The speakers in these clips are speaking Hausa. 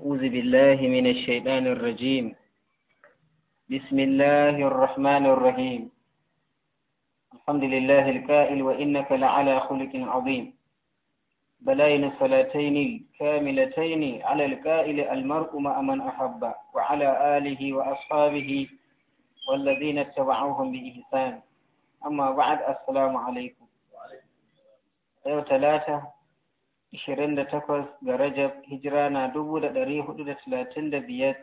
أعوذ بالله من الشيطان الرجيم بسم الله الرحمن الرحيم الحمد لله الكائل وإنك لعلى خلق عظيم بلاين الصلاتين الكاملتين على الكائل المرء مع من أحب وعلى آله وأصحابه والذين اتبعوهم بإحسان أما بعد السلام عليكم يوم ثلاثة 28 ga Rajab hijira na 435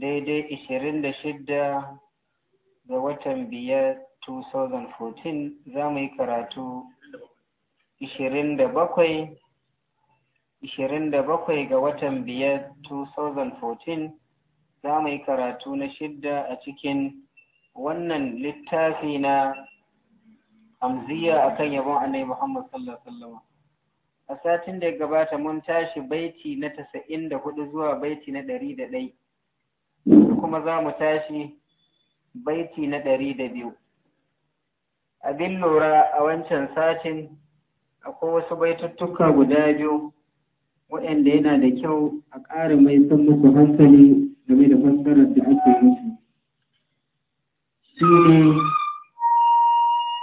daidai 26 ga watan 5 2014 za mu yi karatu 27 ga watan 5 2014 za mu yi karatu na shidda a cikin wannan littafi na amziya akan yabon annabi Muhammad sallallahu alaihi wasallam a satin da ya gabata mun tashi baiti na tasa'in da hudu zuwa baiti na ɗari da ɗai kuma za mu tashi baiti na ɗari da biyu abin lura a wancan satin akwai wasu baituttuka guda biyu waɗanda yana da kyau a ƙara mai san musu hankali game da fassarar da ake musu shi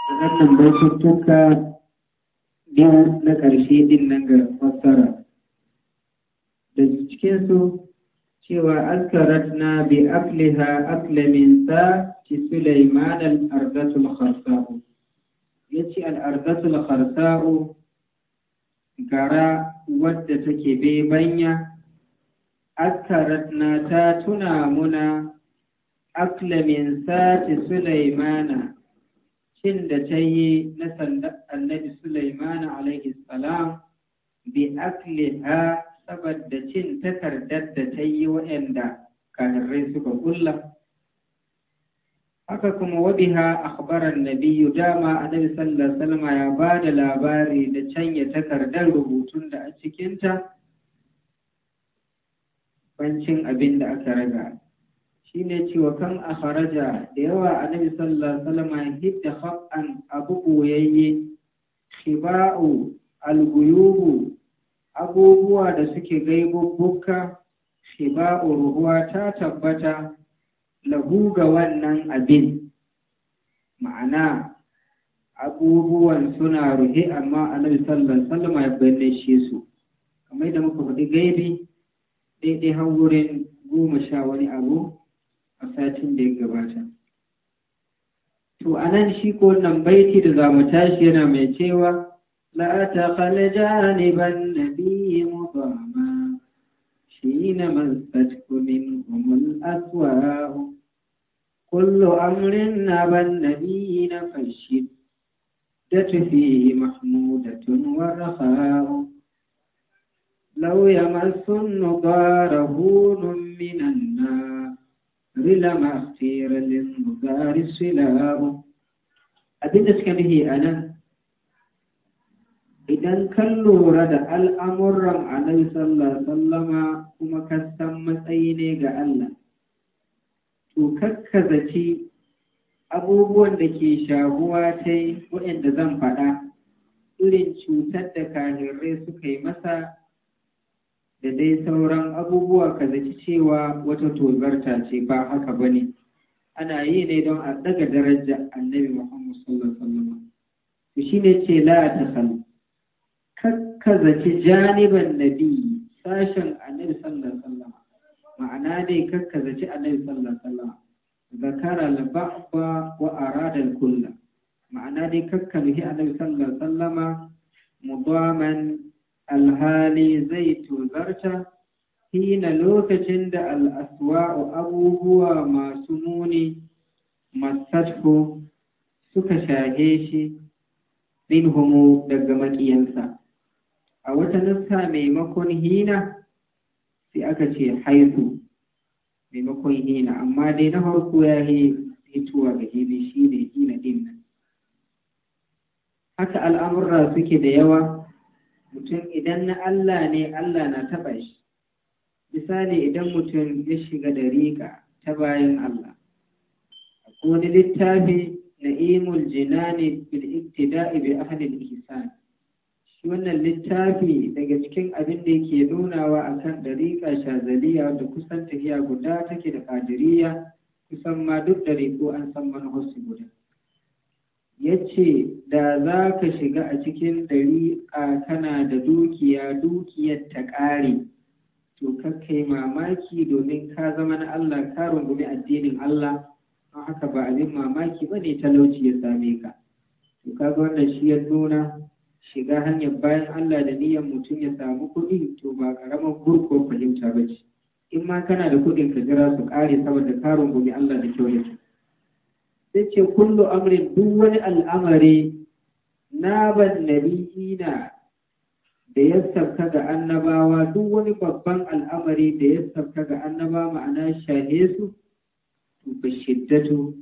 ne waɗannan baituttuka ɗaya na ƙarshe ɗin nan ga fassara da su cewa askarat na bi afliha aklamin sa ci Sulaiman al'ardatul kharsa'u yace al-ardatul kharsa'u gara wadda take bebanya askarat na ta tuna muna aklamin sa ci Sulaimana Cin da ta yi na sandar annabi Sulaiman alaihi salam bi akliha saboda cin takardar da ta yi waɗanda kafirai suka kulla. Haka kuma wabiha akhbarar nabiyu dama annabi sallallahu alaihi ya ba da labari da canya takardar rubutun da a cikinta bancin abin da aka raga ne cewa kan a faraja da yawa annabi sallallahu alaihi wasallam hidda ya abu boyayye khiba'u alguyubu abubuwa da suke gaibubbuka khiba'u ruhuwa ta tabbata lagu ga wannan abin ma'ana abubuwan suna ruhe amma a sallallahu alaihi ya bayyana shi su kamar da muka faɗi gaibi daidai har goma sha wani abu a satin da ya gabata to anan shi ko wannan baiti da za mu tashi yana mai cewa la ta khala janiban nabiyyi shi na masatku min umul aswa kullu amrin naban nabiyina fashid دت فيه محمودة ورخاء لو na nubara hunun minan na. rila mafiralin bugari silaru abinda suka nuhi a nan idan kan lura da al'amuran annabi sallallahu sallama kuma kasan matsayi ne ga Allah to ci abubuwan da ke shaguwa ta yi waɗanda zan faɗa irin cutar da kahirai suka yi masa da dai sauran abubuwa ka zaci cewa wata tozarta ce ba haka ba ne ana yi ne don a daga daraja annabi muhammad sallallahu alaihi wasallam shi ne ce la ta kakka zaci janiban nabi sashen annabi sallallahu alaihi ma'ana dai kakka zaci annabi sallallahu alaihi zakara al-ba'ba wa arada al-kulla ma'ana dai kakka nuhi annabi sallallahu alaihi wasallama mudaman alhali zai tozarta hina lokacin da al'aswa'u abubuwa masu muni masatko suka shahe shi homo, daga maƙiyansa a wata nasta maimakon hina sai aka ce haihu maimakon hina amma dai na farko ya yi hituwa ga shi ne hina ɗin haka al'amurra suke da yawa mutum idan na Allah ne Allah na taɓa shi misali idan mutum ya shiga dariƙa ta bayan Allah wani littafi na'imul jinani bil iktida'i bi ahlil ihsan shi wannan littafi daga cikin abin da yake nunawa akan dariƙa shazaliya da kusan tafiya guda take da ƙadiriya kusan ma duk dariƙo an san manhajar guda ya ce da za ka shiga a cikin ɗari a kana da dukiya dukiyar ta ƙare to yi mamaki domin ka zama na Allah ka rungumi addinin Allah don haka ba abin mamaki ba ne talauci ya same ka to kaga wannan shi ya nuna shiga hanyar bayan Allah da niyyar mutum ya samu kuɗi to ba ƙaramar gurko fahimta ba ce in ma kana da kuɗin ka jira su ƙare saboda ka rungumi Allah da kyau da kyau sai ce kullu amrin duk wani al'amari na ban nabiyina da ya sabta ga annabawa duk wani babban al'amari da ya sabta ga annaba ma'ana shahe su ba shiddatu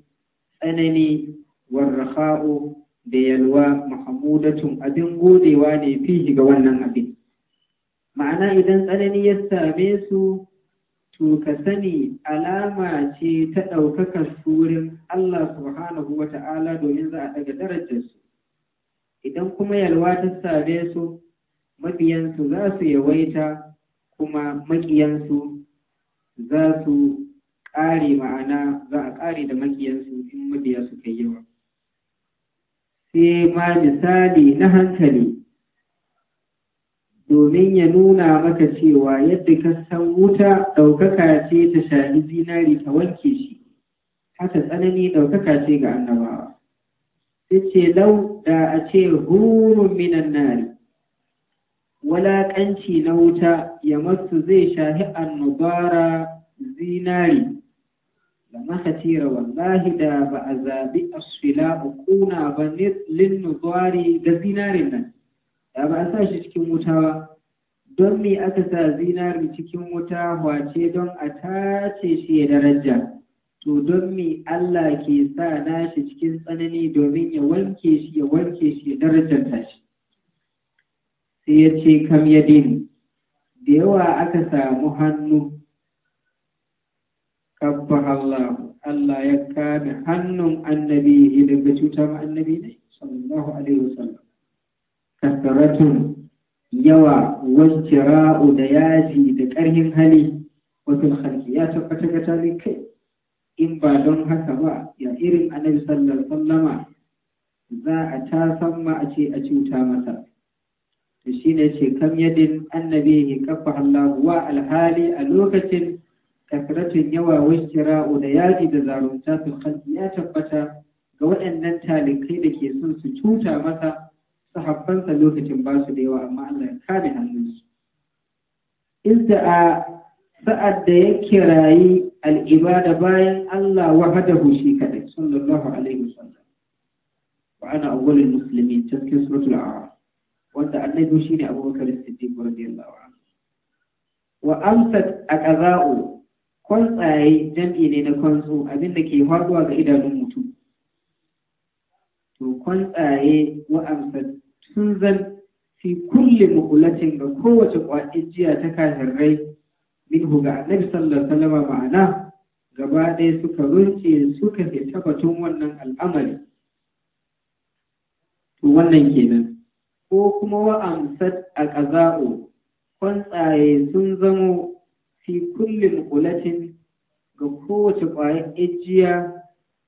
tsanani Warraha'u da yalwa mahamudatun abin godewa ne fihi ga wannan abin ma'ana idan tsanani ya same su to ka sani alama ce ta ɗaukakar surin Allah subhanahu wa ta'ala domin za a daga darajarsu. Idan kuma yalwa ta sare su, mabiyansu za su yawaita kuma maƙiyansu za su ƙare ma'ana za a ƙare da makiyansu in mabiya su kai yawa. Sai ma misali na hankali. domin ya nuna maka cewa yadda ka san wuta ɗaukaka ce ta shafi zinari ta wanke shi haka tsanani ɗaukaka ce ga annabawa sai ce lau da a ce hurun minan nari walaƙanci na wuta ya masu zai shahi annubara zinari da makatira wallahi da ba a zaɓi asfila kuna ba lin ga zinarin nan da ba a sa shi cikin wuta ba don me aka sa zinari cikin wuta wace don a tace shi ya daraja to don me Allah ke sa na shi cikin tsanani domin ya wanke shi ya wanke shi ya darajanta shi sai ya ce kam ya da yawa aka samu hannu kabba Allah Allah ya kame hannun annabi idan cuta cutar annabi ne sallallahu alaihi wasallam kasaratun yawa rau da yaji da ƙarfin hali wasu halki ya tabbata ga tare kai in ba don haka ba ya irin annabi sallallahu alaihi za a ta san a ce a cuta masa to shine ce kam yadin annabi kafa allahu wa alhali a lokacin kasaratun yawa rau da yaji da zarunta fil halki ya tabbata ga waɗannan talikai da ke son su cuta masa sahabbansa lokacin ba su da yawa amma Allah ya kare hannunsu inda a sa'ad da ya kirayi al'ibada bayan Allah wahadahu shi kadai sallallahu alaihi wasallam wa ana awwalul muslimin cikin suratul a'raf wanda Allah ya annabi shine Abubakar Siddiq radiyallahu anhu wa amsat aqza'u kwan tsaye jam'i ne na kwanzo, abinda ke faruwa ga idanun mutum to kwantsaye sun zan fi kulle mukulatin ga kowace kwaɗin jiya ta kafirai minhu ga annabi sallallahu alaihi wasallam ma'ana gaba ɗaya suka runce suka fi tabbatun wannan al'amari to wannan kenan ko kuma wa'amsa a ƙaza'u kwantsaye sun zamo fi kulle mukulatin ga kowace kwaɗin jiya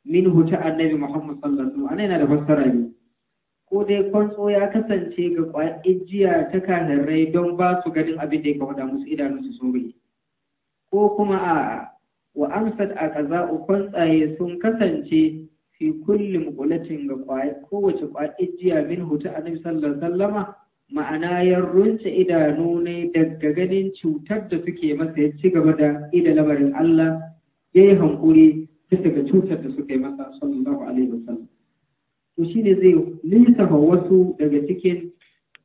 min huta annabi Muhammad sallallahu alaihi yana da fassara ne ko dai kwanso ya kasance ga ƙwayar jiya ta kahirai don ba su ganin abin da ya kawada musu idanunsu sun bai ko kuma a wa amsat a kaza kwantsaye sun kasance fi kulli mukulatin ga ƙwayar kowace ƙwayar jiya min huta annabi sallallahu alaihi ma'ana ya runce idanu ne daga ganin cutar da suke masa ya ci gaba da ida lamarin Allah ya yi hankuri duk daga cutar da suka yi masa sallallahu alaihi wasallam to shine zai lissafa wasu daga cikin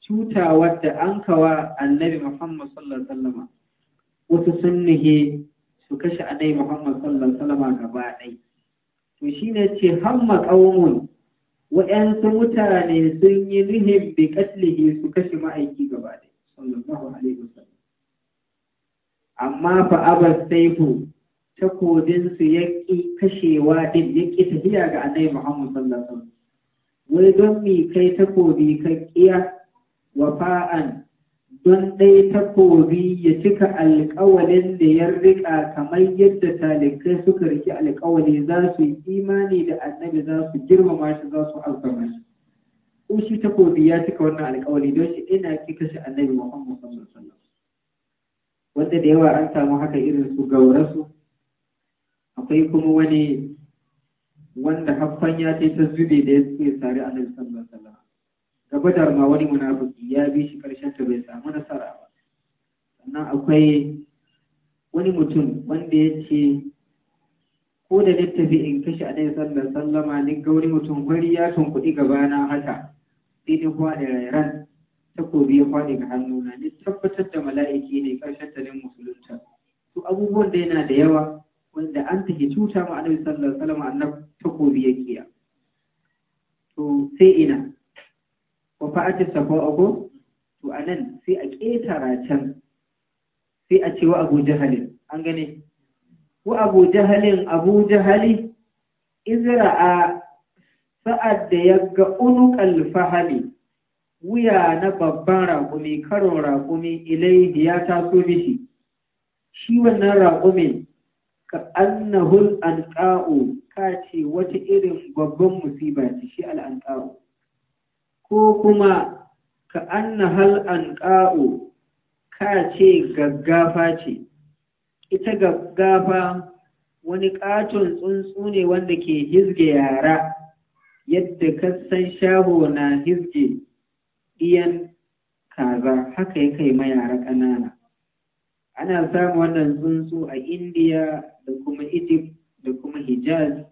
cutawar da an kawa annabi Muhammad sallallahu alaihi wasallam wasu sunnihi su kashe annabi Muhammad sallallahu alaihi wasallam gaba ɗaya to shine ce hamma qaumun wa'yansu mutane sun yi nuhin bi katlihi su kashe ma'aiki gaba ɗaya sallallahu alaihi wasallam amma fa abas saifu takobinsu ya ƙi kashewa din ya ƙi tafiya ga annabi Muhammad sallallahu alaihi wasallam wai don mi kai takobi ka ƙiya wafa'an don ɗai takobi ya cika alƙawalin da ya riƙa kamar yadda talikai suka riki alƙawali za su yi imani da annabi za su girmama shi za su alfama shi ko shi takobi ya cika wannan alƙawali don shi ina kika kashe annabi muhammad sallallahu alaihi wasallam wanda da yawa an samu haka irin su gaurasu akwai kuma wani wanda haffan ya ce ta zube da ya tsaye tare a nan sallallahu alaihi gaba da ma wani munafiki ya bi shi karshen ta bai samu nasara ba sannan akwai wani mutum wanda ya ce ko da littafi in kashe a nan sallallahu sallama ni ga wani mutum wari ya tunkuɗi na haka sai ta kwaɗe rairan takobi ya kwaɗe ga hannuna ni tabbatar da mala'iki ne karshen ta ne musulunta to abubuwan da yana da yawa wanda an ta cuta ma annabi sallallahu alaihi wasallam annab takobi ya kiya to sai ina wa fa'ati safa'u to anan sai a ƙetara can sai a ce wa Abu Jahalin an gane wa Abu Jahalin Abu Jahali A. sa'ad da ya ga unuqal fahali wuya na babban raƙumi karon raƙumi ilai ya taso mishi shi wannan raƙumin ka annahul anqa'u ka ce wata irin babban musiba ce shi al'anqa'u ko kuma ka annahal anqa'u ka ce gaggafa ce ita gaggafa wani ƙaton tsuntsu ne wanda ke hizge yara yadda kasan shaho na hizge iyan kaza haka ya kai ma yara ƙanana ana samun wannan tsuntsu a indiya da kuma egypt da kuma hijaz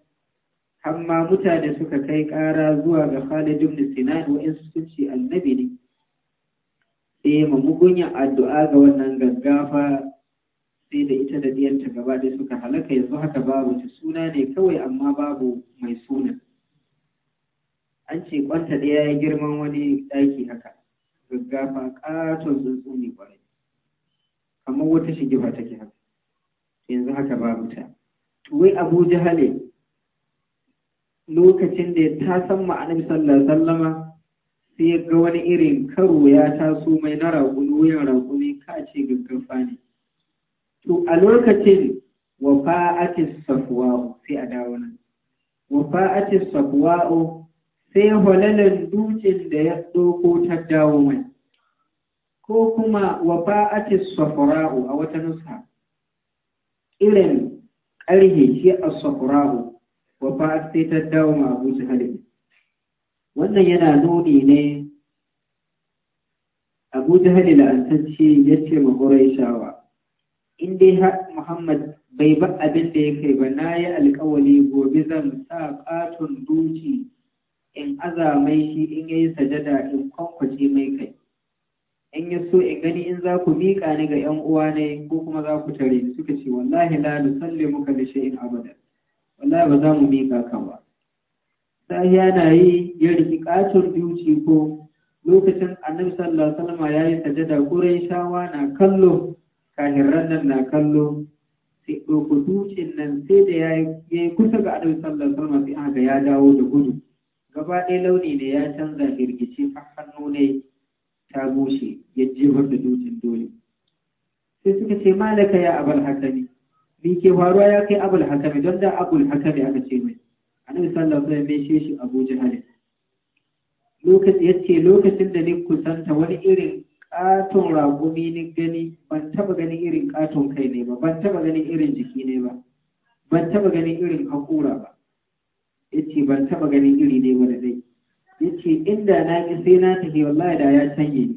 amma mutane suka kai ƙara zuwa ga khalid ibn sinan wa'insu sun ce annabi ne sai yin addu'a ga wannan gaggafa sai da ita da diyanta gaba ɗaya suka halaka yanzu haka babu ta suna ne kawai amma babu mai suna an ce kwanta ɗaya ya girman wani daki haka gaggafa katon tsuntsu ne kwarai amma wata shigifa take haka yanzu haka babu ta wai abu jahale lokacin da ya san ma'anar sallar sallama sai ya ga wani irin karo ya taso mai na raƙumi wuyan raƙumi ka ce gaggafa ne to a lokacin wafa'atis safwa'u sai a dawo nan wafa'atis safwa'u sai halalan dukin da ya ɗauko ta dawo mai ko kuma wa ba'ati safra'u a wata nusa irin ƙarhe shi a safra'u wa ba'at sai ta dawo ma Abu wannan yana nuni ne Abu Jahal la'antacce yace ma Quraishawa in dai Muhammad bai ba abin da ya kai ba na yi alkawali gobe zan sa ƙaton duci in azamai shi in yayi sajada in kwankwace mai kai in ya so in gani in za ku miƙa ni ga ‘yan uwa ne ko kuma za ku tare ni suka ce wallahi la nusalli muka da in abada wallahi ba za mu miƙa ka ba sai yana yi ya riki katon duci ko lokacin annabi sallallahu alaihi wasallam ya yi sajada gurin shawa na kallo kahirran nan na kallo sai ɗauko ducin nan sai da ya yi kusa ga annabi sallallahu alaihi wasallam sai aka ya dawo da gudu gaba ɗaya launi ne ya canza hirgici har hannu ne ta bushe ya jefar da dutsen dole sai suka ce malaka ya abul hakami bi ke faruwa ya kai abul hakami don da abul hakami aka ce mai annabi sallallahu alaihi wasallam ya shi abu jahal lokaci yace lokacin da ni kusanta wani irin katon ragumi ni gani ban taba ganin irin katon kai ne ba ban taba ganin irin jiki ne ba ban taba ganin irin hakura ba yace ban taba ganin iri ne ba da dai ya inda na ki sai na tafi wallahi da ya canye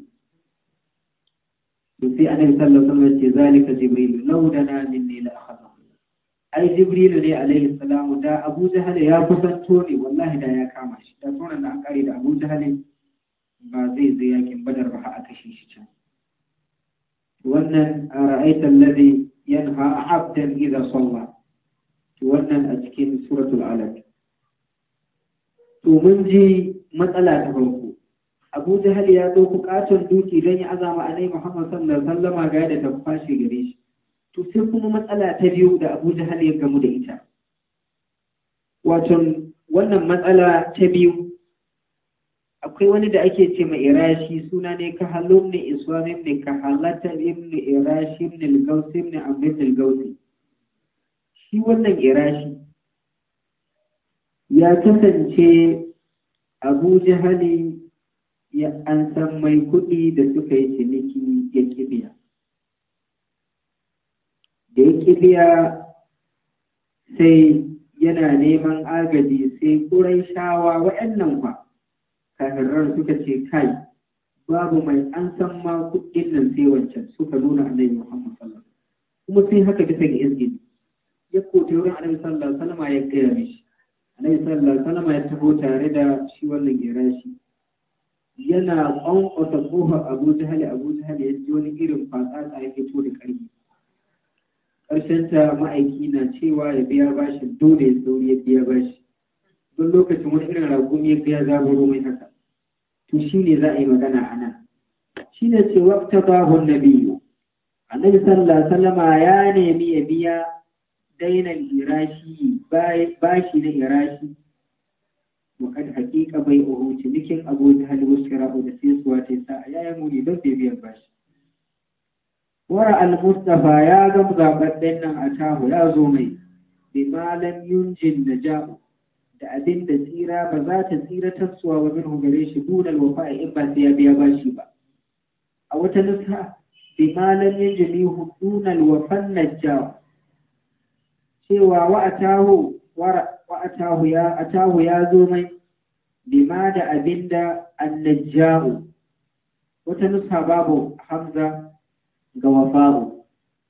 to sai annabi sallallahu alaihi wasallam ce zalika jibril laudana minni la akhadha ai jibril ne alaihi salamu da abu jahal ya kusanto ne wallahi da ya kama shi da tsoron da akari da abu jahal ba zai zai yakin badar ba a kashe shi can wannan a ra'aitar lade yanha a abdan idan sallah wannan a cikin suratul alaq to mun ji matsala ta farko abu jahal ya zo katon duki don ya azama a nai muhammad sallallahu sallama ga da ta fashe gare shi to sai kuma matsala ta biyu da abu jahal ya gamu da ita waton wannan matsala ta biyu akwai wani da ake ce mai irashi suna ne ka halum ne iswamin ne ka halata ibn irashi ne al ne abin amr ibn gausi shi wannan irashi ya kasance abu jihali ya an san mai kuɗi da suka yi ciniki ya kibiya da ya kibiya sai yana neman agaji sai kurai shawa waɗannan kwa kafirar suka ce kai babu mai an san ma kuɗin nan sai wancan suka nuna annabi muhammad sallallahu kuma sai haka bisa ga izgini ya kote wurin annabi sallallahu alaihi ya gaya mishi alaihi sallallahu alaihi ya taho tare da shi wannan gerashi yana ƙwanƙwasa ƙofar abu jahali abu jahali ya ji wani irin fatsa ta yake to da ƙarfi ta ma'aiki na cewa ya biya bashi dole ya sauri ya biya bashi don lokacin wani irin ragumi ya biya zaburo mai haka to shine za a yi magana a nan shi ne ce wakta bahun na biyu annabi sallallahu alaihi ya nemi ya biya daina irashi bashi na irashi wakad haƙiƙa bai uruci nikin abuwa hali wasu rabu da sai suwa ta yasa a yayin wuri don bai biyan shi. wara al-mustafa ya ga zaɓaɓɓen nan a tahu ya zo mai bi malam yunjin na da abin da tsira ba za ta tsira tasowa wa min hungare shi dunar wafa a in ba sai ya biya bashi ba a wata nisa, bi malam yunjin ni hudunar wafan na cewa wa wa ya ya zo mai bima da abinda annajja'u wata nusa babu hamza ga wafaru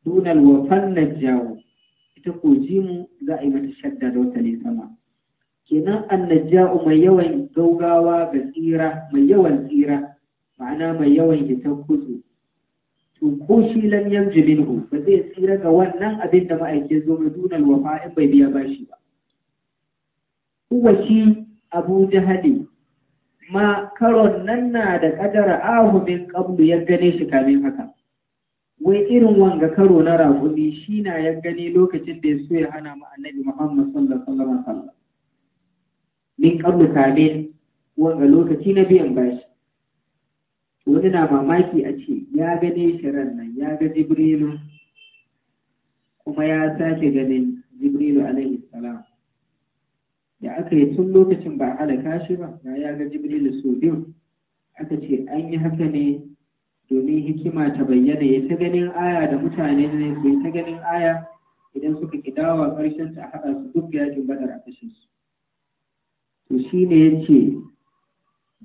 dunal wafan najja'u ita ko jimu za a yi mata shadda da wata ne sama kenan annajja'u mai yawan gaugawa ga tsira mai yawan tsira ma'ana mai yawan hitar kudu to ko shi lam yanji minhu ba zai tsira ga wannan abin da ma'aikin zo mai dunal wafa in bai biya bashi ba Kuma shi abu jahali ma karon nan na da kadara ahu min qablu ya gane shi kamin haka wai irin wanga karo na raƙumi shi na ya gane lokacin da ya so ya hana mu annabi Muhammad sallallahu alaihi wasallam min qablu kamin wanga lokaci na biyan bashi wani na mamaki a ce ya gane shirin nan ya ga jibrilu kuma ya sake ganin jibrilu alaihi salam da aka yi tun lokacin ba halaka shi ba ba ya ga jibrilu so biyu aka ce an yi haka ne domin hikima ta bayyana ya ta ganin aya da mutane ne su yi ta ganin aya idan suka ki dawowa ƙarshen ta haɗa su duk yakin badar a kashe su to shi ne ya ce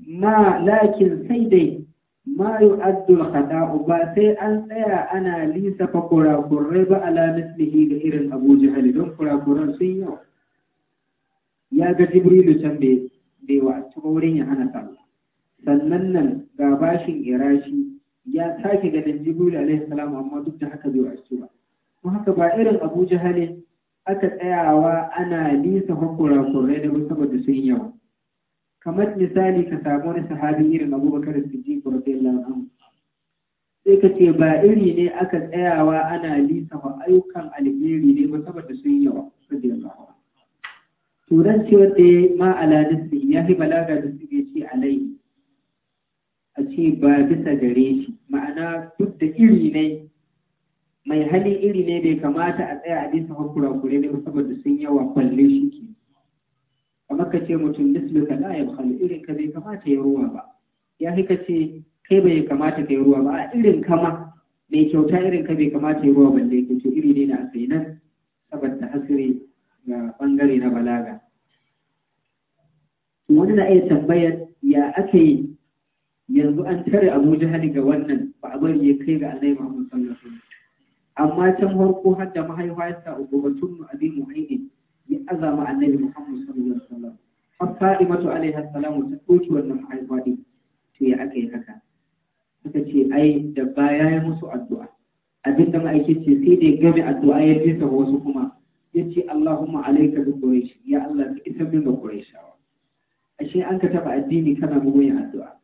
ma lakin sai dai ma yu'addul khata'u ba sai an tsaya ana lisafa kurakurai ba ala mislihi ga irin Abu jihali don kurakuran sun yau ya ga Jibrilu can bai bai wa wurin ya hana sallah sannan nan ga bashin irashi ya sake ganin Jibrilu alaihi salam amma duk da haka bai wasu ba kuma haka ba irin Abu jihali aka tsayawa ana lisafa kurakurai da saboda sun yau kamar misali ka samu wani sahabi irin abubakar siddiq radiyallahu anhu sai ka ce ba iri ne aka tsayawa ana lisa wa ayyukan alheri ne ba saboda sun yawa radiyallahu anhu turan dan ce wanda ma ala dasi ya fi balaga da suke ce alai a ce ba bisa gare shi ma'ana duk da iri ne mai hali iri ne bai kamata a tsaya a bisa kurakure ne ba saboda sun yawa kwalle shi ke kamar ka ce mutum misluka la yabkhal irin ka bai kamata ya ruwa ba ya fi ka ce kai bai kamata ka yi ruwa ba a irin kama mai kyauta irin ka bai kamata ya ruwa balle da kyauta iri ne na asali nan saboda hasiri ga bangare na balaga wani na iya tambayar ya aka yi yanzu an tare abu jihali ga wannan ba a bari ya kai ga annabi muhammad sallallahu alaihi amma can farko har da mahaifa ya sa ububatun azimu aini ya azama annabi muhammad har fa'imatu alaiha salamu ta soki wannan haihuwa din to ya aka yi haka suka ce ai da baya ya musu addu'a abin da ma'aikin ce sai da ya game addu'a ya jefa wasu kuma ya ce Allahumma alaika bi quraish ya Allah ka isar min da qurayshawa ashe an ka taba addini kana mugun addu'a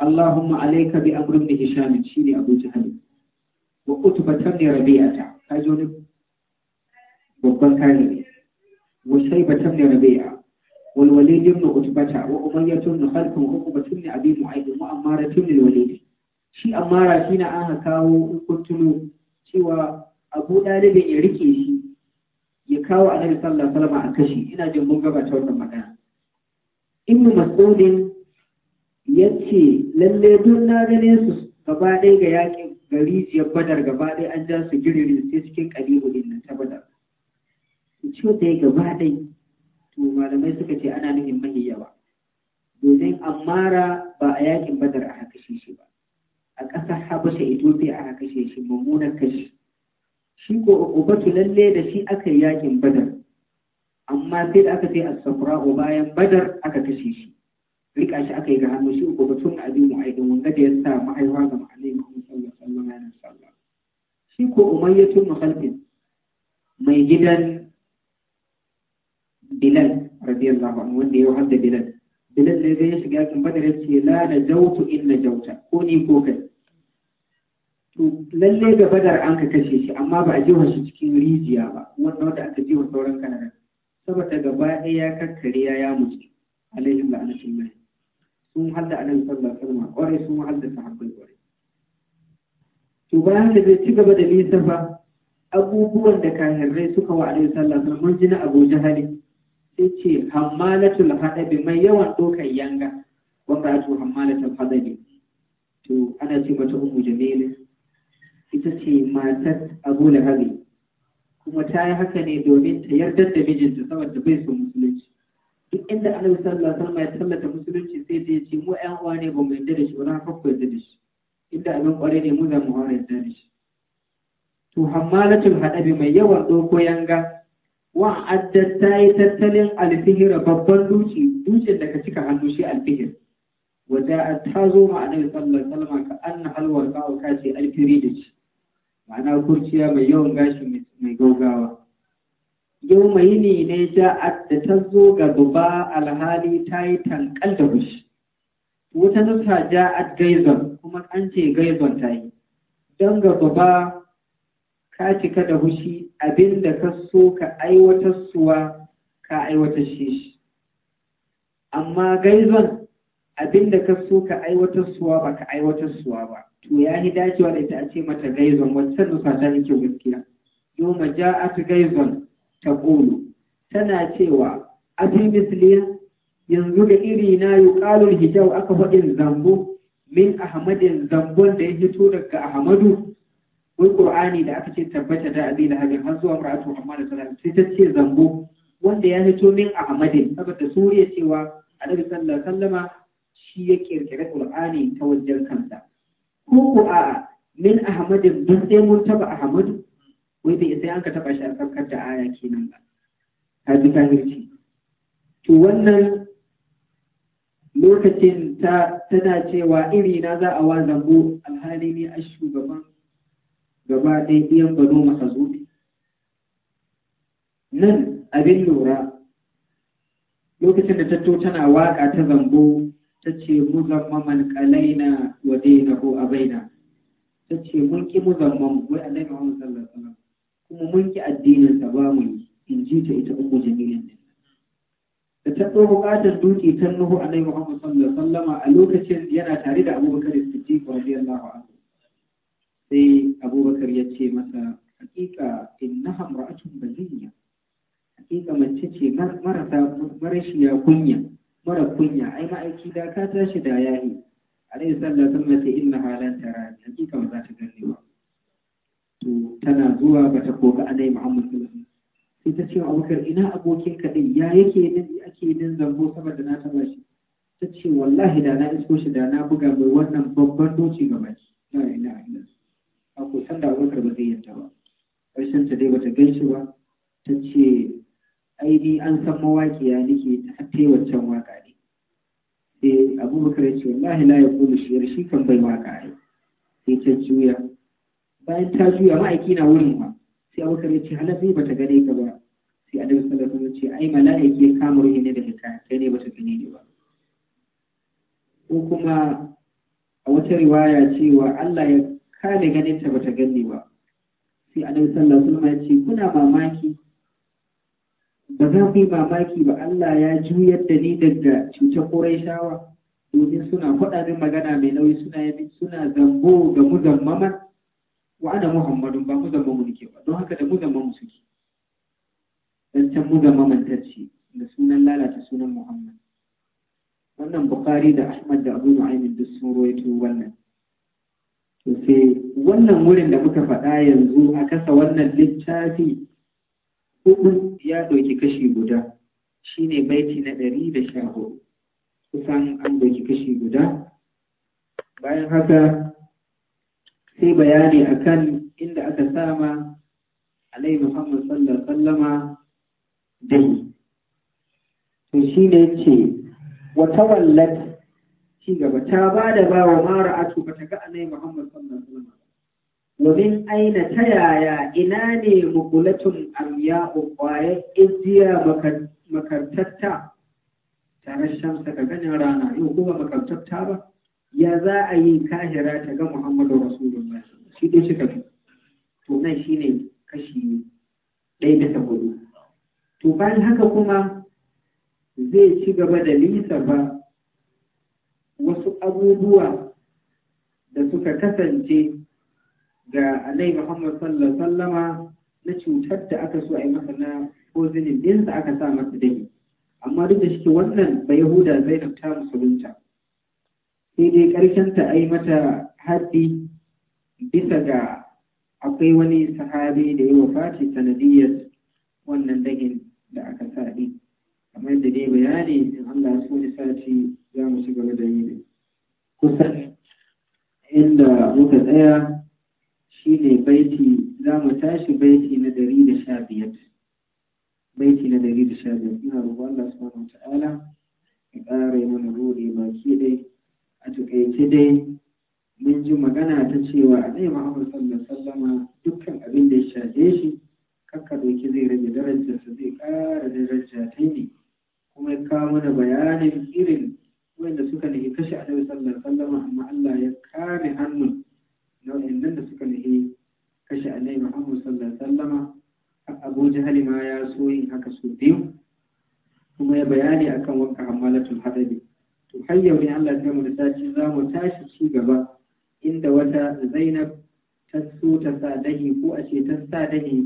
Allahumma alaika bi amr ibn hisham shine abu jahal wa utba tabni rabi'ata kaji wani babban kare wa shayba tabni rabi'a والوليد بن عتبة وأمية بن خلف وعقبة بن أبي معيط وعمارة بن الوليد shi amara shi na aka kawo in kun cewa abu ɗalibin ya rike shi ya kawo annabi sallallahu alaihi wasallam a kashi ina jin mun gabata wannan magana ibnu mas'udin yace lalle don na gane su gaba ɗaya ga yaƙin gari ya badar gaba ɗaya an ja su giriri sai cikin kalibu din na ta badar ce ta gaba ɗaya to malamai suka ce ana nufin mahi yawa domin Amara ba a yakin badar aka kashe shi ba a ƙasar habasha ethiopia aka kashe shi mummunan kashi shi ko ubatu lalle da shi aka yi yakin badar amma sai da aka sai as-safra bayan badar aka kashe shi rika shi aka yi ga hannu shi ko batun abin mu'aidin wanda da ya sa ma'aiwa ga ma'anai muhammad sallallahu alaihi wasallam shi ko umayyatun muhalfin mai gidan bilal radiyallahu anhu wanda ya wahar da bilal bilal ne zai shiga yakin badar ya ce la na jautu illa jauta ko ni ko kai to lalle da badar an ka kashe shi amma ba a jefa shi cikin rijiya ba wanda wanda aka jefa sauran kanana saboda gaba ɗaya ya kakkare ya ya mutu alaihim la'anatullahi sun hadda annabi sallallahu alaihi wasallam kwarai sun hadda sahabbai kwarai to bayan da zai ci gaba da ba, abubuwan da kahirai suka wa alaihi sallallahu alaihi wasallam mun jina na Abu Jahali sai ce hammalatul hadabi mai yawan dokan yanga wanda to hammalatul hadabi to ana ce mata ummu jamil ita ce matar abu lahabi kuma ta yi haka ne domin ta yardar da mijinta saboda bai son musulunci duk inda annabi sallallahu alaihi wasallam ya tallata musulunci sai dai ce mu ƴan uwa ne ba mu yarda da shi ba na farko yarda da shi inda abin kware ne mu za mu fara yarda da shi to hammalatul hadabi mai yawan ɗauko yanga wa adda ta yi tattalin alfihira babban dutse da ka cika hannu shi alfihir wata ta zo ma annabi sallallahu alaihi wasallam ka anna halwar kawo ka ce alfiri da ci ma'ana kurciya mai yawan gashi mai gaugawa yau mai ne ne ja'ad da ta zo ga zuba alhali ta yi tankal da bushi wata ja ja'ad gaizon kuma an ce gaizon ta yi don ga zuba ka cika da hushi abin da ka so ka aiwatar suwa ka aiwatar shi amma gaizon abin da ka so ka aiwatar suwa ba ka aiwatar suwa ba to ya yi dacewa da ita a ce mata gaizon wancan nufa ta ke gaskiya yau ma ja ja'at gaizon ta kolo tana cewa abin misliya yanzu da iri na yi ƙalul hijau aka faɗin zambo min ahmadin zambon da ya hito daga ahmadu wai qur'ani da aka ce tabbata da abi lahabin har zuwa ra'atu da sallallahu sai ta ce zambo wanda ya fito min ahmadin saboda suriya cewa annabi sallallahu alaihi wasallama shi ya kirkire qur'ani ta wajen kansa ko ko a min ahmadin duk sai mun taba ahmadu wai bai sai an taba shi a tsakar da aya kenan ba ta ji to wannan lokacin ta tana cewa iri na za a wa zambo alhali ne a shugaban gaba ɗaya gano masa zuɗi. nan abin lura lokacin da tatto tana waƙa ta zambo ta ce mu muzammaman ƙalaina wa daina ko na. ta ce mun ƙi mu wai Allah Muhammad sallallahu alaihi wasallam kuma mun ƙi addinin sa ba mu in ji ta ita ummu jami'in din da ta ɗau buƙatar dutse ta nuhu Annabi Muhammad sallallahu alaihi wasallam a lokacin yana tare da Abubakar Siddiq radiyallahu anhu sai ya ce masa hakika innaha imra'atun baziyya hakika mace ce marasa marashiya kunya mara kunya ai ma'aiki da ka tashi da yahi alayhi sallallahu alaihi wasallam inna halan tara hakika ba za ta gane ba to tana zuwa ba ta koga annabi Muhammad sallallahu alaihi wasallam sai ta ce wa Abubakar ina abokin ka din ya yake nan ake nan zango saboda na taba shi ta ce wallahi da na isko shi da na buga mai wannan babban doci gaba baki la ilaha illallah a ko san da abubakar ba zai yanta ba ƙarshen ta dai bata gaishe ba ta ce ai ni an san mawaƙiya nake ta ta wancan waƙa ne sai abubakar ya ce wallahi la ya shi yar shi kan bai waƙa ai sai ta juya bayan ta juya ma'aiki na wurin ba sai abubakar ya ce halar zai bata gane ka ba sai a daga sallar ya ce ai mala'iki ya kama ruhi ne da hikaya kai ne bata gane ni ba ko kuma a wata riwaya cewa Allah ya kare ganin ta bata ganni ba sai annabi sallallahu alaihi wasallam ya ce kuna mamaki ba za ku yi mamaki ba Allah ya juyar da ni daga cutar Quraishawa domin suna faɗa min magana mai nauyi suna yi suna zambo ga muzammaman wa ana Muhammadu ba muzammamu nake ba don haka da muzammamu suke dan can muzammaman ce. da sunan lalata sunan Muhammad wannan Bukhari da Ahmad da Abu Nu'aym duk sun rawaito wannan to sai wannan wurin da muka faɗa yanzu a kasa wannan littafi hudu ya ɗauki kashi guda shine baiti na ɗari da sha hudu kusan an ɗauki kashi guda bayan haka sai bayani akan inda aka sama alai muhammad Sallar sallama dai to shine ce wata wallata ci gaba ta ba da ba wa mara a ba ta ga anai Muhammad sallallahu alaihi wasallam domin aina ta yaya ina ne mukulatun amya ubaye idiya makartatta tare sa ka ganin rana yau kuma makartatta ba ya za a yi kahira ta ga Muhammadu rasulullahi shi dai shi kafi to nan ne kashi ɗaya da hudu to bayan haka kuma zai ci gaba da lisa ba wasu abubuwa da suka kasance ga alai Muhammad sallallahu Sallama na cutar da aka so a yi masa na kozinin ɗinsa aka sa masa dai amma duk da shi wannan ba Yahuda Zainab ta musulunta sai dai ƙarshen ta a yi mata haddi bisa ga akwai wani sahabi da ya wafaci sanadiyar wannan dagin da aka sa ɗin kamar da dai bayani in Allah su ya sati za mu shiga da yi kusan inda muka tsaya shi ne baiti za mu tashi baiti na dari da sha biyar baiti na dari da sha biyar ina roƙon Allah su wani ta'ala ya ƙara yi mana rore baki dai a tuƙaice dai mun ji magana ta cewa a zai Muhammad sallallahu dukkan abin da ya shafe shi kakka doki zai rage darajarsa zai ƙara daraja ta ne kuma ya kawo mana bayanin irin wanda suka nahi kashe annabi sallallahu alaihi wasallam amma Allah ya kare hannun nau'in nan da suka nahi kashe annabi Muhammad sallallahu alaihi wasallam Abu Jahal ma ya so yin haka su biyu kuma ya bayani akan wakka hamalatul hadabi to har yau ne Allah ta mu da sashi za mu tashi ci gaba inda wata Zainab ta so ta sa dahi ko a ce ta sa dahi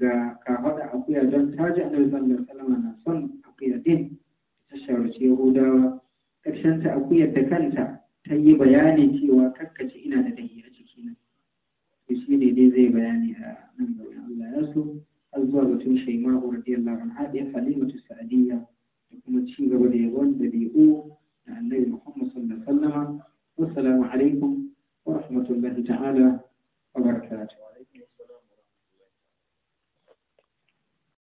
ga kafaɗa akuya don ta ji annabi sallallahu alaihi wasallam na son din ta shawarci yahudawa ta akuyar da kanta ta yi bayani cewa kakkace ina da dahi a cikina to shi ne dai zai bayani a nan wani Allah ya so har zuwa batun shaima'u radiyallahu anha da halimatu sa'adiyya da kuma ci gaba da yawan da bi'u da annabi Muhammad sallallahu alaihi wasallam assalamu alaikum wa rahmatullahi ta'ala